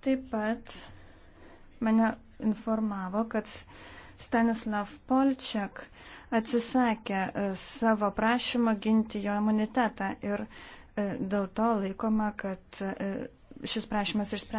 Taip pat mane informavo, kad Stanislav Polčiak atsisakė e, savo prašymą ginti jo imunitetą ir e, dėl to laikoma, kad e, šis prašymas išspręs.